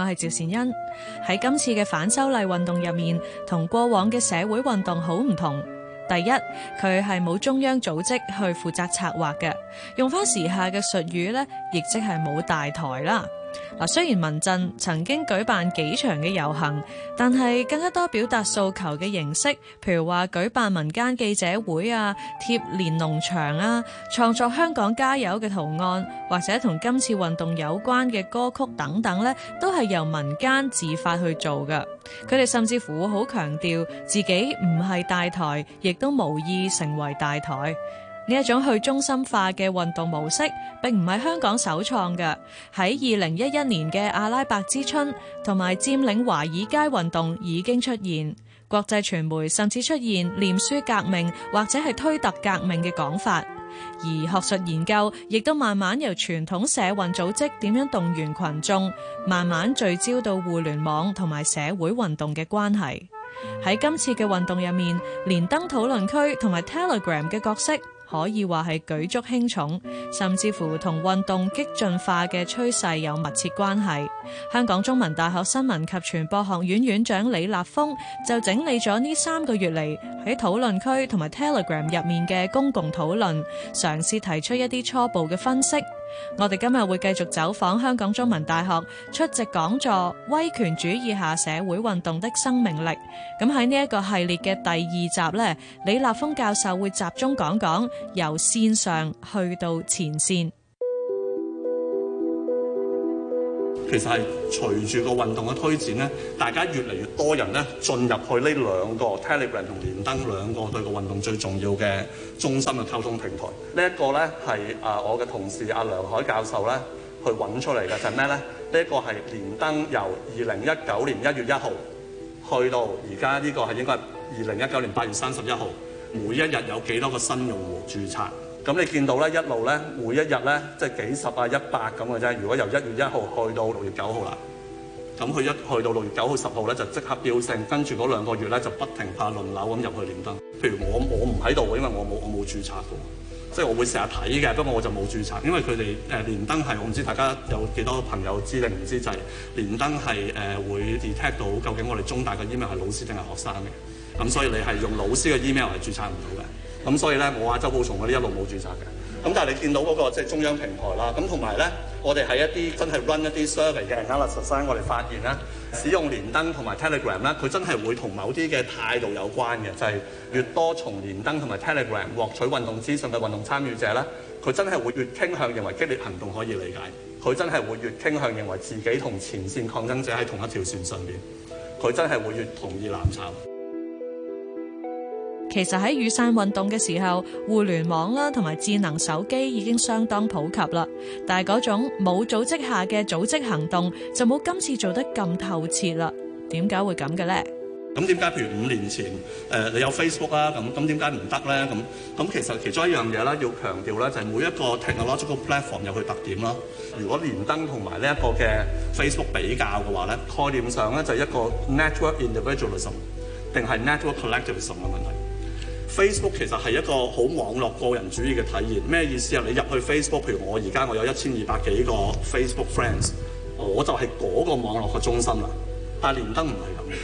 我係趙善恩。喺今次嘅反修例運動入面，同過往嘅社會運動好唔同。第一，佢係冇中央組織去負責策劃嘅，用翻時下嘅術語呢，亦即係冇大台啦。嗱，雖然民陣曾經舉辦幾場嘅遊行，但係更加多表達訴求嘅形式，譬如話舉辦民間記者會啊、貼連儂牆啊、創作香港加油嘅圖案或者同今次運動有關嘅歌曲等等呢，都係由民間自發去做㗎。佢哋甚至乎好強調自己唔係大台，亦都無意成為大台。呢一種去中心化嘅運動模式並唔係香港首創嘅，喺二零一一年嘅阿拉伯之春同埋佔領華爾街運動已經出現，國際傳媒甚至出現臉書革命或者係推特革命嘅講法，而學術研究亦都慢慢由傳統社運組織點樣動員群眾，慢慢聚焦到互聯網同埋社會運動嘅關係。喺今次嘅運動入面，連登討論區同埋 Telegram 嘅角色，可以話係舉足輕重，甚至乎同運動激進化嘅趨勢有密切關係。香港中文大學新聞及傳播學院院長李立峰就整理咗呢三個月嚟，喺討論區同埋 Telegram 入面嘅公共討論，嘗試提出一啲初步嘅分析。我哋今日會繼續走訪香港中文大學出席講座，威權主義下社會運動的生命力。咁喺呢一個系列嘅第二集呢，李立峰教授會集中講講由線上去到前線。其實係隨住個運動嘅推展咧，大家越嚟越多人咧進入去呢兩個 Telegram 同連登兩個對個運動最重要嘅中心嘅溝通平台。呢一個咧係我嘅同事阿梁海教授咧去揾出嚟嘅係咩咧？就係、呢一、呢個係連登由二零一九年一月一號去到而家呢個係應該二零一九年八月三十一號，每一日有幾多個新用戶註冊？咁你見到呢一路呢，每一日呢，即係幾十啊、一百咁嘅啫。如果由一月一號去到六月九號啦，咁佢一去到六月九號十號呢，就即刻飆升，跟住嗰兩個月呢，就不停怕輪流咁入去連登。譬如我我唔喺度，因為我冇我冇註冊過，即係我會成日睇嘅，不過我就冇註冊。因為佢哋誒連登係我唔知大家有幾多朋友知定唔知，就係連登係誒會 detect 到究竟我哋中大嘅 email 係老師定係學生嘅。咁所以你係用老師嘅 email 係註冊唔到嘅。咁所以咧，我話周寶松嗰啲一路冇註冊嘅。咁但係你見到嗰、那個即係、就是、中央平台啦，咁同埋咧，我哋喺一啲真係 run 一啲 survey 嘅 analysis 咧，我哋發現咧，使用連登同埋 Telegram 咧，佢真係會同某啲嘅態度有關嘅，就係、是、越多從連登同埋 Telegram 獲取運動資訊嘅運動參與者咧，佢真係會越傾向認為激烈行動可以理解，佢真係會越傾向認為自己同前線抗爭者喺同一條線上面，佢真係會越同意攬炒。其實喺雨傘運動嘅時候，互聯網啦同埋智能手機已經相當普及啦，但係嗰種冇組織下嘅組織行動就冇今次做得咁透徹啦。點解會咁嘅咧？咁點解譬如五年前誒、呃、你有 Facebook 啦，咁，咁點解唔得咧？咁咁其實其中一樣嘢啦，要強調咧就係每一個 technological platform 有佢特點啦。如果連登同埋呢一個嘅 Facebook 比較嘅話咧，概念上咧就係一個 network individualism 定係 network collectivism 嘅問題。Facebook 其實係一個好網絡個人主義嘅體驗，咩意思啊？你入去 Facebook，譬如我而家我有一千二百幾個 Facebook friends，我就係嗰個網絡嘅中心啦。但係連登唔係咁嘅，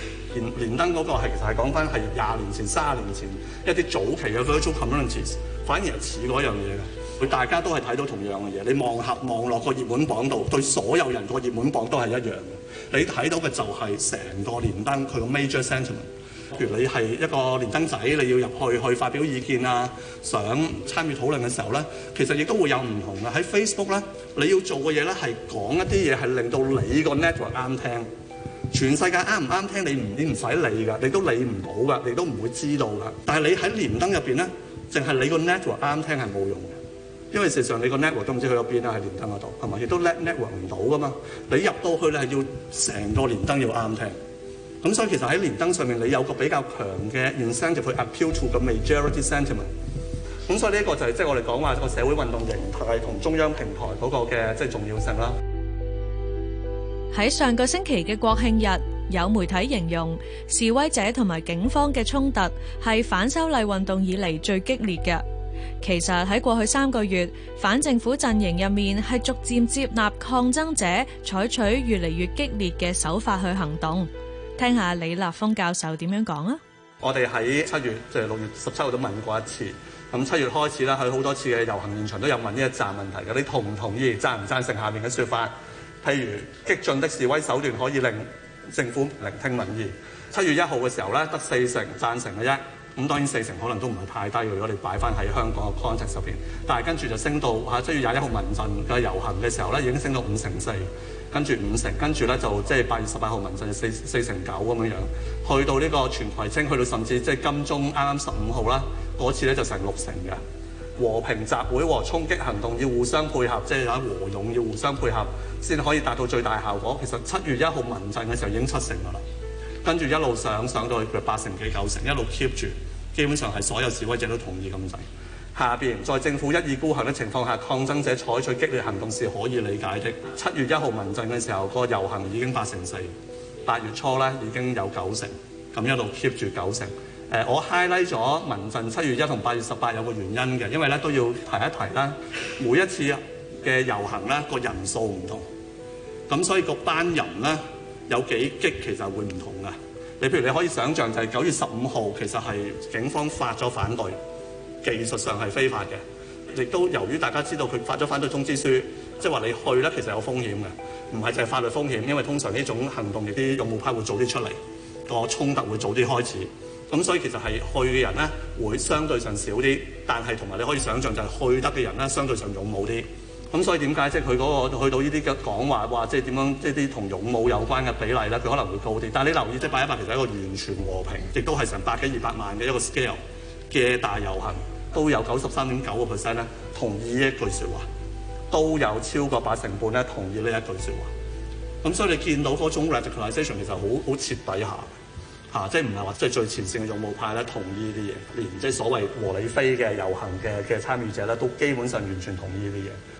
連連登嗰個其實係講返係廿年前、卅年前一啲早期嘅 Virtual Communities，反而係似嗰樣嘢嘅。佢大家都係睇到同樣嘅嘢，你望下網絡個熱門榜度，對所有人個熱門榜都係一樣嘅。你睇到嘅就係成個連登佢嘅 Major Sentiment。譬如你係一個連登仔，你要入去去發表意見啊，想參與討論嘅時候咧，其實亦都會有唔同嘅。喺 Facebook 咧，book，你要做嘅嘢咧係講一啲嘢係令到你個 network 啱聽，全世界啱唔啱聽你唔你唔使理㗎，你都理唔到㗎，你都唔會知道㗎。但係你喺連登入邊咧，淨係你個 network 啱聽係冇用嘅，因為事實上你個 network 都唔知去咗邊啦，喺連登嗰度係咪？亦都 net network 唔到㗎嘛，你入到去咧係要成個連登要啱聽。咁所以其實喺連登上面，你有個比較強嘅 incentive 就去 appeal to the majority sentiment。咁所以呢一個就係即係我哋講話個社會運動形態同中央平台嗰個嘅即係重要性啦。喺上個星期嘅國慶日，有媒體形容示威者同埋警方嘅衝突係反修例運動以嚟最激烈嘅。其實喺過去三個月，反政府陣營入面係逐漸接納抗爭者採取越嚟越激烈嘅手法去行動。聽下李立峰教授點樣講啊！我哋喺七月即係六月十七號都問過一次，咁七月開始啦，喺好多次嘅遊行現場都有問呢一紮問題嘅，你同唔同意，贊唔贊成下面嘅說法？譬如激進的示威手段可以令政府聆聽民意。七月一號嘅時候咧，得四成贊成嘅啫。咁當然四成可能都唔係太低，如果你哋擺翻喺香港嘅 context 入邊，但係跟住就升到嚇七月廿一號民陣嘅遊行嘅時候咧，已經升到五成四，跟住五成，跟住咧就即係八月十八號民陣四四成九咁樣樣，去到呢個全葵青，去到甚至即係、就是、金鐘啱啱十五號啦，嗰次咧就成六成嘅和平集會和衝擊行動要互相配合，即係有和勇要互相配合先可以達到最大效果。其實七月一號民陣嘅時候已經七成㗎啦。跟住一路上上到去八成幾九成，一路 keep 住，基本上係所有示威者都同意咁滯。下邊在政府一意孤行的情況下，抗爭者採取激烈行動是可以理解的。七月一號民陣嘅時候，個遊行已經八成四，八月初呢已經有九成，咁一路 keep 住九成。誒、呃，我 highlight 咗民陣七月一同八月十八有個原因嘅，因為呢都要提一提啦。每一次嘅遊行呢個人數唔同，咁所以個班人呢。有幾激其實會唔同嘅，你譬如你可以想象就係九月十五號，其實係警方發咗反對，技術上係非法嘅，亦都由於大家知道佢發咗反對通知書，即係話你去呢其實有風險嘅，唔係淨係法律風險，因為通常呢種行動，啲勇武派會早啲出嚟，個衝突會早啲開始，咁所以其實係去嘅人呢會相對上少啲，但係同埋你可以想象就係去得嘅人呢相對上勇武啲。咁所以點解即係佢嗰個去到呢啲嘅講話，話即係點樣？即係啲同勇武有關嘅比例咧，佢可能會高啲。但係你留意，即係八一八其實係一個完全和平，亦都係成百幾二百萬嘅一個 scale 嘅大遊行，都有九十三點九個 percent 咧同意呢一句説話，都有超過八成半咧同意呢一句説話。咁所以你見到嗰種 radicalisation 其實好好徹底下嘅，即係唔係話即係最前線嘅勇武派咧同意呢啲嘢，連即係所謂和理非嘅遊行嘅嘅參與者咧，都基本上完全同意呢啲嘢。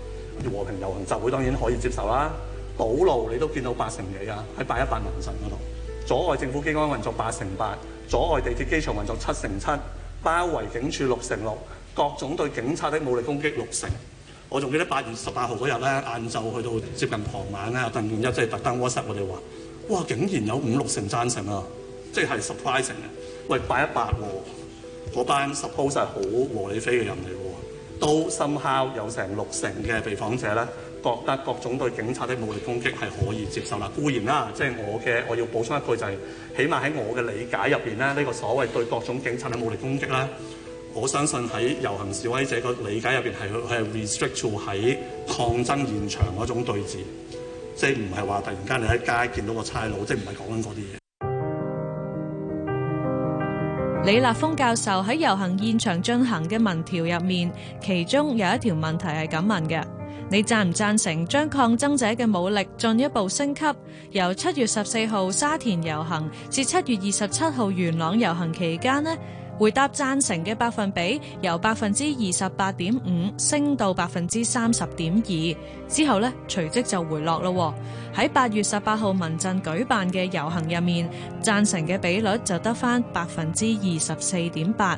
和平遊行集會當然可以接受啦，堵路你都見到八成幾啊，喺八一八民陣嗰度，阻礙政府機關運作八成八，阻礙地鐵機場運作七成七，包圍警署六成六，各種對警察的武力攻擊六成。我仲記得八月十八號嗰日咧，晏晝去到接近傍晚咧，鄧建一即係特登 WhatsApp 我哋話，哇，竟然有五六成贊成啊，即係 surprising 嘅，喂，八一八喎，嗰班 suppose 係好和理非嘅人嚟喎。都深敲有成六成嘅被訪者咧，覺得各種對警察的武力攻擊係可以接受啦。固然啦，即係我嘅我要補充一句就係起碼喺我嘅理解入邊咧，呢個所謂對各種警察嘅武力攻擊咧，我相信喺遊行示威者個理解入邊係係 restrict to 喺抗爭現場嗰種對峙，即係唔係話突然間你喺街見到個差佬，即係唔係講緊啲嘢。李立峰教授喺遊行現場進行嘅民調入面，其中有一條問題係咁問嘅：你贊唔贊成將抗爭者嘅武力進一步升級？由七月十四號沙田遊行至七月二十七號元朗遊行期間呢，回答贊成嘅百分比由百分之二十八點五升到百分之三十點二，之後呢，隨即就回落咯。喺八月十八號民陣舉辦嘅遊行入面，贊成嘅比率就得返百分之二十四點八。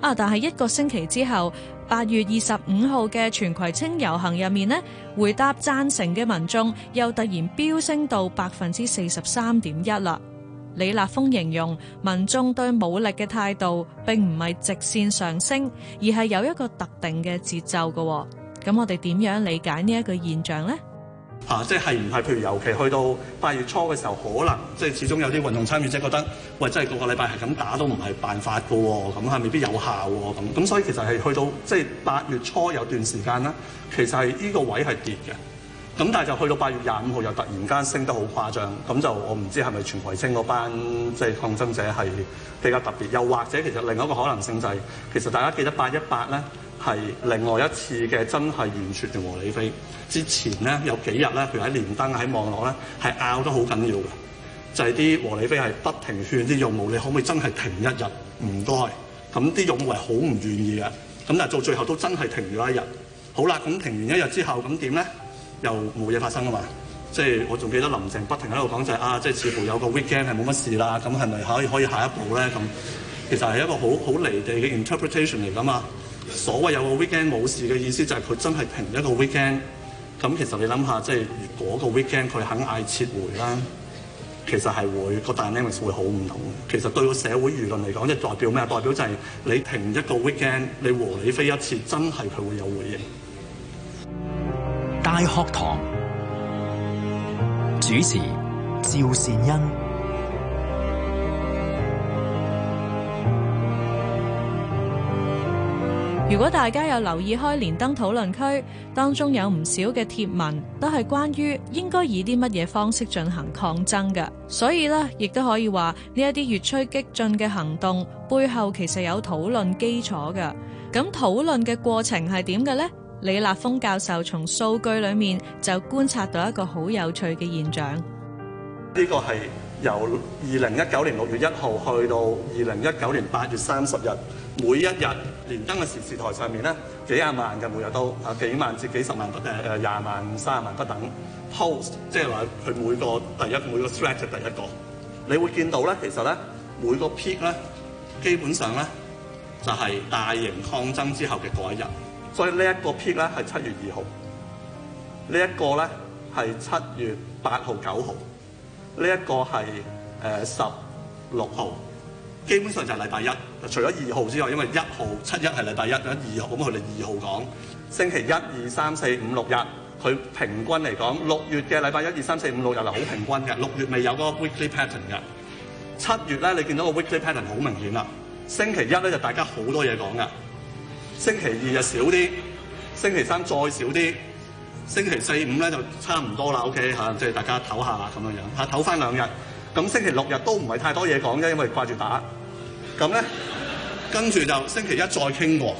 啊，但係一個星期之後，八月二十五號嘅全葵青遊行入面呢，回答贊成嘅民眾又突然飆升到百分之四十三點一啦。李立峰形容，民眾對武力嘅態度，並唔係直綫上升，而係有一個特定嘅節奏嘅。咁我哋點樣理解呢一個現象咧？啊，即係唔係？譬如尤其去到八月初嘅時候，可能即係始終有啲運動參與者覺得，喂，真係個個禮拜係咁打都唔係辦法嘅，咁、哦、啊未必有效。咁、哦、咁所以其實係去到即係八月初有段時間啦，其實係呢個位係跌嘅。咁但係就去到八月廿五號，又突然間升得好誇張，咁就我唔知係咪荃葵青嗰班即係抗爭者係比較特別，又或者其實另一個可能性就係、是、其實大家記得八一八咧係另外一次嘅真係完全同和理非之前咧有幾日咧，譬如喺連登喺網絡咧係拗得好緊要嘅，就係、是、啲和理非係不停勸啲勇武，你可唔可以真係停一日唔該？咁啲勇武係好唔願意嘅，咁但係到最後都真係停咗一日。好啦，咁停完一日之後，咁點咧？又冇嘢發生啊嘛，即係我仲記得林鄭不停喺度講就係、是、啊，即係似乎有個 weekend 係冇乜事啦，咁係咪可以可以下一步咧咁？其實係一個好好離地嘅 interpretation 嚟噶嘛。所謂有個 weekend 冇事嘅意思就係佢真係停一個 weekend。咁其實你諗下，即係如果個 weekend 佢肯嗌撤回啦，其實係會、那個 dynamics 會好唔同。其實對個社會輿論嚟講，即、就、係、是、代表咩？代表就係你停一個 weekend，你和理非一次真係佢會有回應。大學堂主持趙善恩。如果大家有留意開連登討論區，當中有唔少嘅貼文都係關於應該以啲乜嘢方式進行抗爭嘅，所以呢，亦都可以話呢一啲越趨激進嘅行動，背後其實有討論基礎嘅。咁討論嘅過程係點嘅呢？李立峰教授從數據裏面就觀察到一個好有趣嘅現象。呢個係由二零一九年六月一號去到二零一九年八月三十日，每一日連登嘅時事台上面咧，幾廿萬嘅每日都啊，幾萬至幾十萬不等，誒、嗯，廿萬、卅萬不等 post，即係話佢每個第一個，每個 thread 就第一個，你會見到咧，其實咧每個 peak 咧，基本上咧就係、是、大型抗爭之後嘅嗰一日。所以呢一、這個 p i 咧係七月二號，呢一、這個咧係七月八號九號，呢一個係誒十六號，基本上就係禮拜一，除咗二號之外，因為一號七一係禮拜一，咁二號咁佢哋二號講星期一、二、三、四、五、六日，佢平均嚟講六月嘅禮拜一、二、三、四、五、六日係好平均嘅，六月未有個 weekly pattern 嘅。七月咧，你見到個 weekly pattern 好明顯啦，星期一咧就大家好多嘢講嘅。星期二就少啲，星期三再少啲，星期四、五咧就差唔多啦，OK 嚇，即係大家唞下啦咁樣樣嚇唞翻兩日。咁星期六日都唔係太多嘢講啫，因為掛住打。咁咧，跟住就星期一再傾過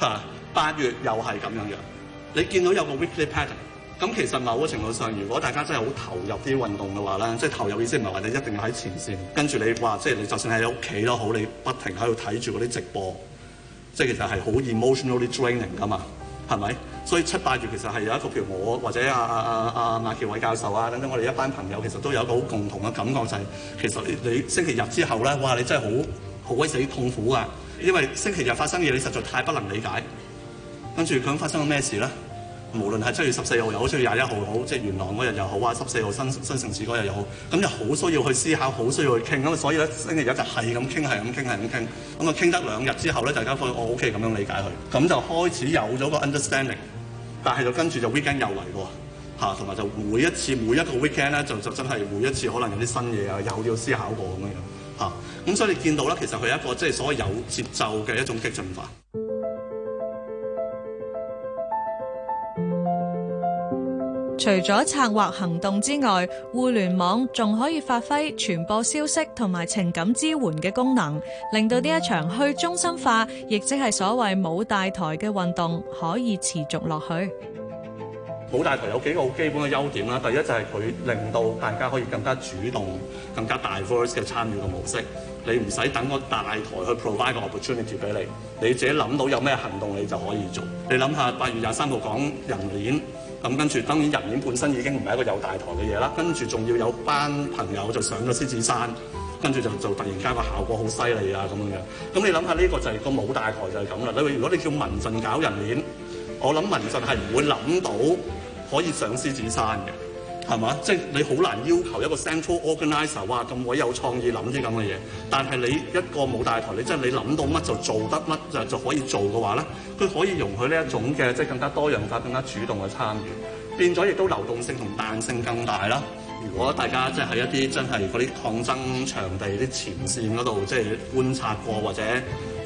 嚇。八月又係咁樣樣，你見到有個 weekly pattern。咁其實某個程度上，如果大家真係好投入啲運動嘅話咧，即係投入意思唔係話你一定要喺前線，跟住你話即係你就算喺屋企都好，你不停喺度睇住嗰啲直播。即係其實係好 emotionally draining 㗎嘛，係咪？所以七八月其實係有一個，譬如我，或者阿阿阿阿馬傑偉教授啊等等，我哋一班朋友其實都有一個好共同嘅感覺就係、是，其實你星期日之後咧，哇！你真係好好鬼死痛苦啊，因為星期日發生嘅嘢你實在太不能理解。跟住咁發生咗咩事咧？無論係七月十四號又好，七月廿一號又好，即係元朗嗰日又好啊，十四號新新城市嗰日又好，咁就好需要去思考，好需要去傾。咁所以咧，星期日就係咁傾，係咁傾，係咁傾。咁啊，傾得兩日之後咧，大家可以，我 OK 咁樣理解佢，咁就開始有咗個 understanding。但係就跟住就 weekend 又嚟多，同埋就每一次每一個 weekend 咧，就就真係每一次可能有啲新嘢啊，有要思考過咁樣樣嚇。咁、啊啊、所以你見到咧，其實佢係一個即係、就是、所謂有節奏嘅一種激進化。。除咗策劃行動之外，互聯網仲可以發揮傳播消息同埋情感支援嘅功能，令到呢一場去中心化，亦即係所謂冇大台嘅運動可以持續落去。冇大台有幾個好基本嘅優點啦，第一就係佢令到大家可以更加主動、更加大 diverse 嘅參與嘅模式。你唔使等我大台去 provide 個 opportunity 咁跟住，當然人面本身已經唔係一個有大台嘅嘢啦，跟住仲要有班朋友就上咗獅子山，跟住就就突然間個效果好犀利啊咁樣嘅。咁你諗下呢個就係、是、個冇大台就係咁啦。你話，如果你叫民陣搞人面，我諗民陣係唔會諗到可以上獅子山嘅。係嘛？即係你好難要求一個 central organizer 哇，咁鬼有創意諗啲咁嘅嘢。但係你一個冇大台，你真係你諗到乜就做得乜就就可以做嘅話咧，佢可以容許呢一種嘅即係更加多樣化、更加主動嘅參與，變咗亦都流動性同彈性更大啦。如果大家即係喺一啲真係嗰啲抗爭場地、啲前線嗰度即係觀察過或者。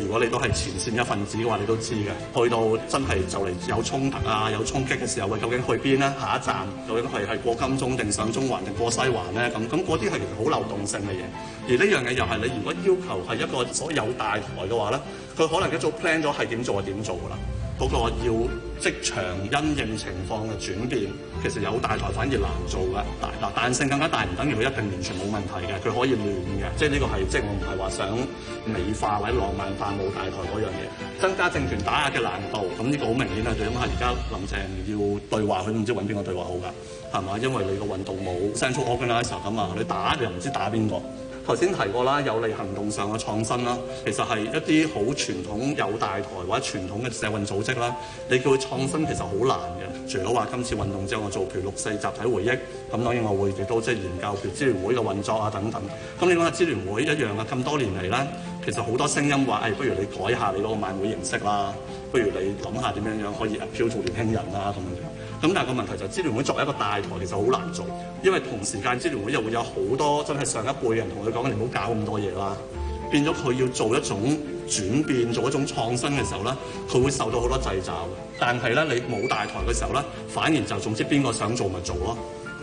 如果你都係前線一份子嘅話，你都知嘅。去到真係就嚟有衝突啊，有衝擊嘅時候，會究竟去邊咧？下一站究竟係係過金鐘定上中環定過西環咧？咁咁嗰啲係好流動性嘅嘢。而呢樣嘢又係你如果要求係一個所有大台嘅話咧，佢可能一早 plan 咗係點做點做噶啦。嗰個要職場因應情況嘅轉變，其實有大台反而難做嘅，嗱彈性更加大，唔等於佢一定完全冇問題嘅，佢可以亂嘅，即係呢個係即係我唔係話想美化或者浪漫化，化冇大台嗰樣嘢增加政權打壓嘅難度。咁、這、呢個好明顯係，就因為而家林鄭要對話，佢都唔知揾邊個對話好㗎，係嘛？因為你個運動冇 central organizer 咁啊，你打你又唔知打邊個。頭先提過啦，有利行動上嘅創新啦，其實係一啲好傳統有大台或者傳統嘅社運組織啦。你叫佢創新，其實好難嘅。除咗話今次運動之後，我做譬如六四集體回憶，咁當然我會亦都即係研究譬如支聯會嘅運作啊等等。咁你講下支聯會一樣啊，咁多年嚟咧，其實好多聲音話，誒、哎、不如你改下你嗰個晚會形式啦。不如你諗下點樣樣可以 appeal 做年輕人啦，咁樣樣，咁但係個問題就係、是，支聯會作為一個大台其實好難做，因為同時間支聯會又會有好多真係上一輩人同佢講，你唔好搞咁多嘢啦，變咗佢要做一種轉變，做一種創新嘅時候咧，佢會受到好多掣肘。但係咧，你冇大台嘅時候咧，反而就總之邊個想做咪做咯。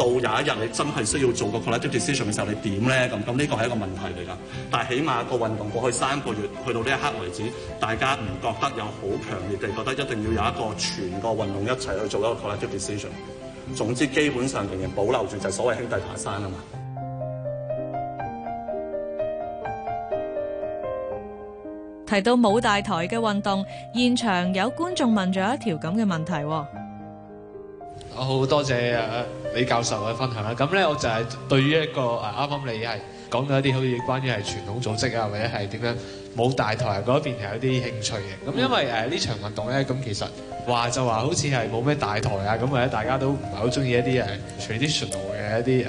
到有一日你真係需要做個 collective decision 嘅時候，你點咧？咁咁呢個係一個問題嚟㗎。但係起碼個運動過去三個月，去到呢一刻為止，大家唔覺得有好強烈地覺得一定要有一個全個運動一齊去做一個 collective decision。總之，基本上仍然保留住就所謂兄弟爬山啊嘛。提到冇大台嘅運動，現場有觀眾問咗一條咁嘅問題。我好多謝啊李教授嘅分享啦，咁咧我就係對於一個啊啱啱你係講到一啲好似關於係傳統組織啊，或者係點樣冇大台嗰一邊係有啲興趣嘅。咁因為誒呢、啊、場運動咧，咁其實話就話好似係冇咩大台啊，咁或者大家都唔係好中意一啲誒 traditional 嘅一啲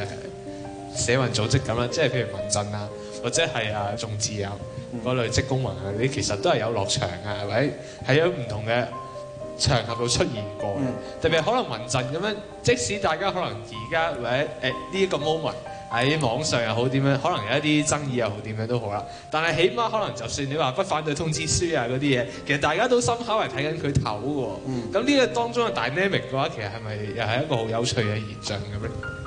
誒社運組織咁啦，即係譬如民陣啊，或者係啊眾志嗰類職工盟啊，你其實都係有落場啊，或者係有唔同嘅。場合都出現過，特別可能民陣咁樣，即使大家可能而家或者誒呢一個 moment 喺網上又好點樣，可能有一啲爭議又好點樣都好啦。但係起碼可能就算你話不反對通知書啊嗰啲嘢，其實大家都心口係睇緊佢頭喎。咁呢、嗯、個當中嘅 dynamic 嘅話，其實係咪又係一個好有趣嘅現象咁咧？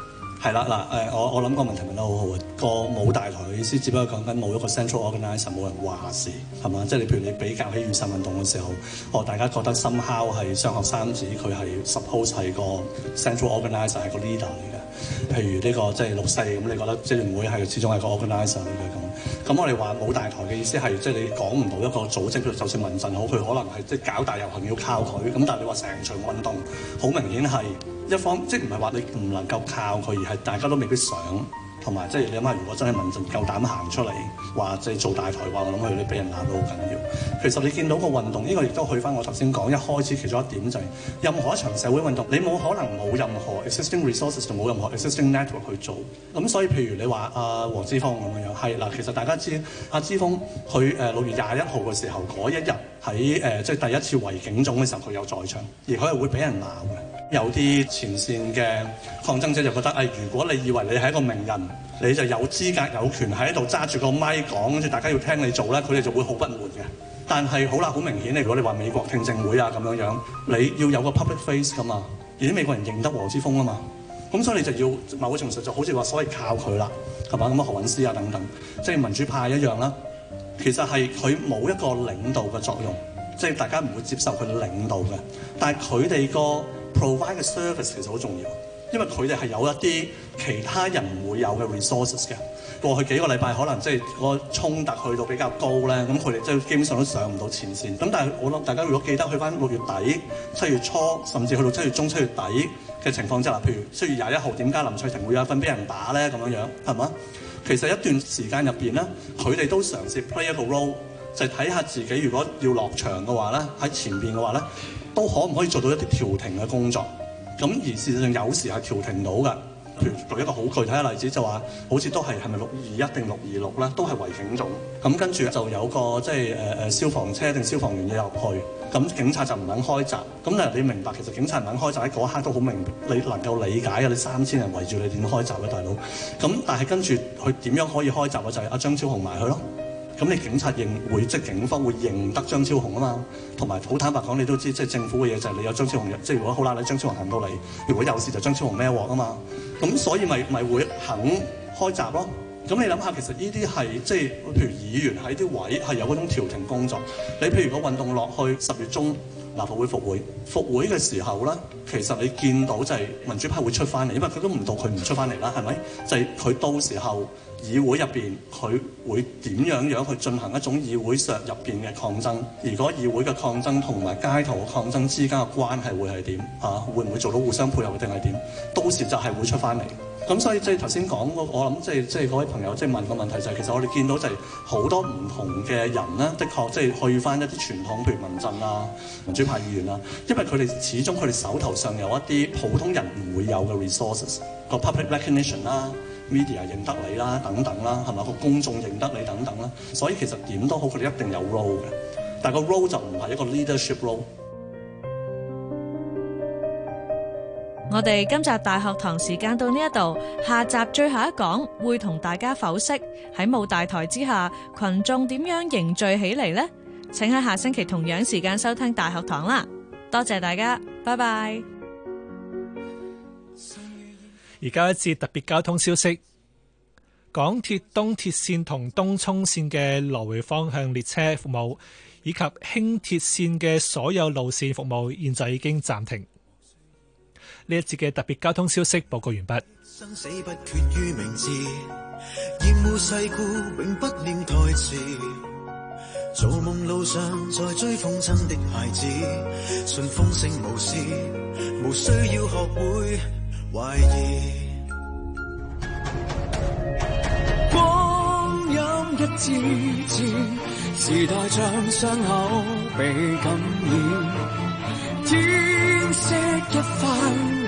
係啦，嗱誒、呃，我我諗個問題問得好好啊。個冇大台嘅意思，只不過講緊冇一個 central o r g a n i z e r 冇人話事係嘛？即係、就是、你譬如你比較起雨傘運動嘅時候，哦，大家覺得深烤係雙學三子，佢係 support 係個 central o r g a n i z e r 係個 leader 嚟嘅。譬如呢、這個即係、就是、六四，咁你覺得政聯、就是、會係始終係個 o r g a n i z e r 嚟嘅咁。咁、嗯、我哋話冇大台嘅意思係即係你講唔到一個組織，佢就算民憲好，佢可能係即係搞大遊行要靠佢。咁但係你話成場運動好明顯係。一方即係唔係話你唔能夠靠佢，而係大家都未必想，同埋即係你諗下，如果真係唔夠膽行出嚟，話即係做大台話，我諗佢哋俾人鬧都好緊要。其實你見到個運動，呢、這個亦都去翻我頭先講一開始其中一點就係、是、任何一場社會運動，你冇可能冇任何 existing resources 同冇任何 existing network 去做。咁所以譬如你話阿、啊、黃之鋒咁樣樣係嗱，其實大家知阿、啊、之鋒去誒六月廿一號嘅時候嗰一日喺誒即係第一次圍警總嘅時候，佢有在場，而佢係會俾人鬧嘅。有啲前線嘅抗爭者就覺得，誒、哎、如果你以為你係一個名人，你就有資格有權喺度揸住個麥講，跟住大家要聽你做咧，佢哋就會好不滿嘅。但係好啦，好明顯，你如果你話美國聽證會啊咁樣樣，你要有個 public face 噶嘛，而啲美國人認得黃之鋒啊嘛，咁所以你就要某個程序就好似話所謂靠佢啦，係嘛？咁啊何韻詩啊等等，即係民主派一樣啦。其實係佢冇一個領導嘅作用，即係大家唔會接受佢領導嘅。但係佢哋個 provide 嘅 service 其實好重要，因為佢哋係有一啲其他人唔會有嘅 resources 嘅。過去幾個禮拜可能即係個衝突去到比較高咧，咁佢哋即係基本上都上唔到前線。咁但係我諗大家如果記得去翻六月底、七月初，甚至去到七月中、七月底嘅情況，即係譬如七月廿一號點解林翠婷會有份俾人打咧咁樣樣，係嘛？其實一段時間入邊咧，佢哋都嘗試 play 一個 role，就係睇下自己如果要落場嘅話咧，喺前邊嘅話咧。都可唔可以做到一啲調停嘅工作？咁而事實上有時係調停到嘅，譬如舉一個好具體嘅例子，就話好似都係係咪六二一定六二六咧，都係圍警總。咁跟住就有個即係誒誒消防車定消防員要入去，咁警察就唔肯開閘。咁但係你明白其實警察唔肯開閘喺嗰一刻都好明，你能夠理解嘅，你三千人圍住你點開閘嘅大佬。咁但係跟住佢點樣可以開閘嘅就係、是、阿張超雄同埋佢咯。咁你警察認會即警方會認得張超雄啊嘛，同埋好坦白講，你都知即政府嘅嘢就係你有張超雄，即如果好喇你張超雄行到嚟，如果有事就張超雄孭鑊啊嘛，咁所以咪咪會肯開閘咯。咁你諗下其實呢啲係即譬如議員喺啲位係有嗰種調停工作，你譬如個運動落去十月中。立法會復會，復會嘅時候咧，其實你見到就係民主派會出翻嚟，因為佢都唔到佢唔出翻嚟啦，係咪？就係、是、佢到時候議會入邊，佢會點樣樣去進行一種議會上入邊嘅抗爭。如果議會嘅抗爭同埋街頭抗爭之間嘅關係會係點？嚇、啊，會唔會做到互相配合定係點？到時就係會出翻嚟。咁所以即係頭先講我我諗即係即係嗰位朋友即係問個問題就係、是、其實我哋見到就係好多唔同嘅人啦，的確即係去翻一啲傳統，譬如民陣啊，民主派議員啦、啊，因為佢哋始終佢哋手頭上有一啲普通人唔會有嘅 resources，個 public recognition 啦、啊、media 認得你啦、啊、等等啦、啊，係咪個公眾認得你等等啦、啊，所以其實點都好，佢哋一定有 role 嘅，但係個 role 就唔係一個 leadership role。我哋今集大學堂時間到呢一度，下集最後一講會同大家剖析喺冇大台之下，群眾點樣凝聚起嚟呢？請喺下星期同樣時間收聽大學堂啦！多謝大家，拜拜。而家一節特別交通消息：港鐵東鐵綫同東涌綫嘅來回方向列車服務，以及輕鐵綫嘅所有路綫服務，現在已經暫停。呢一節嘅特別交通消息報告完畢。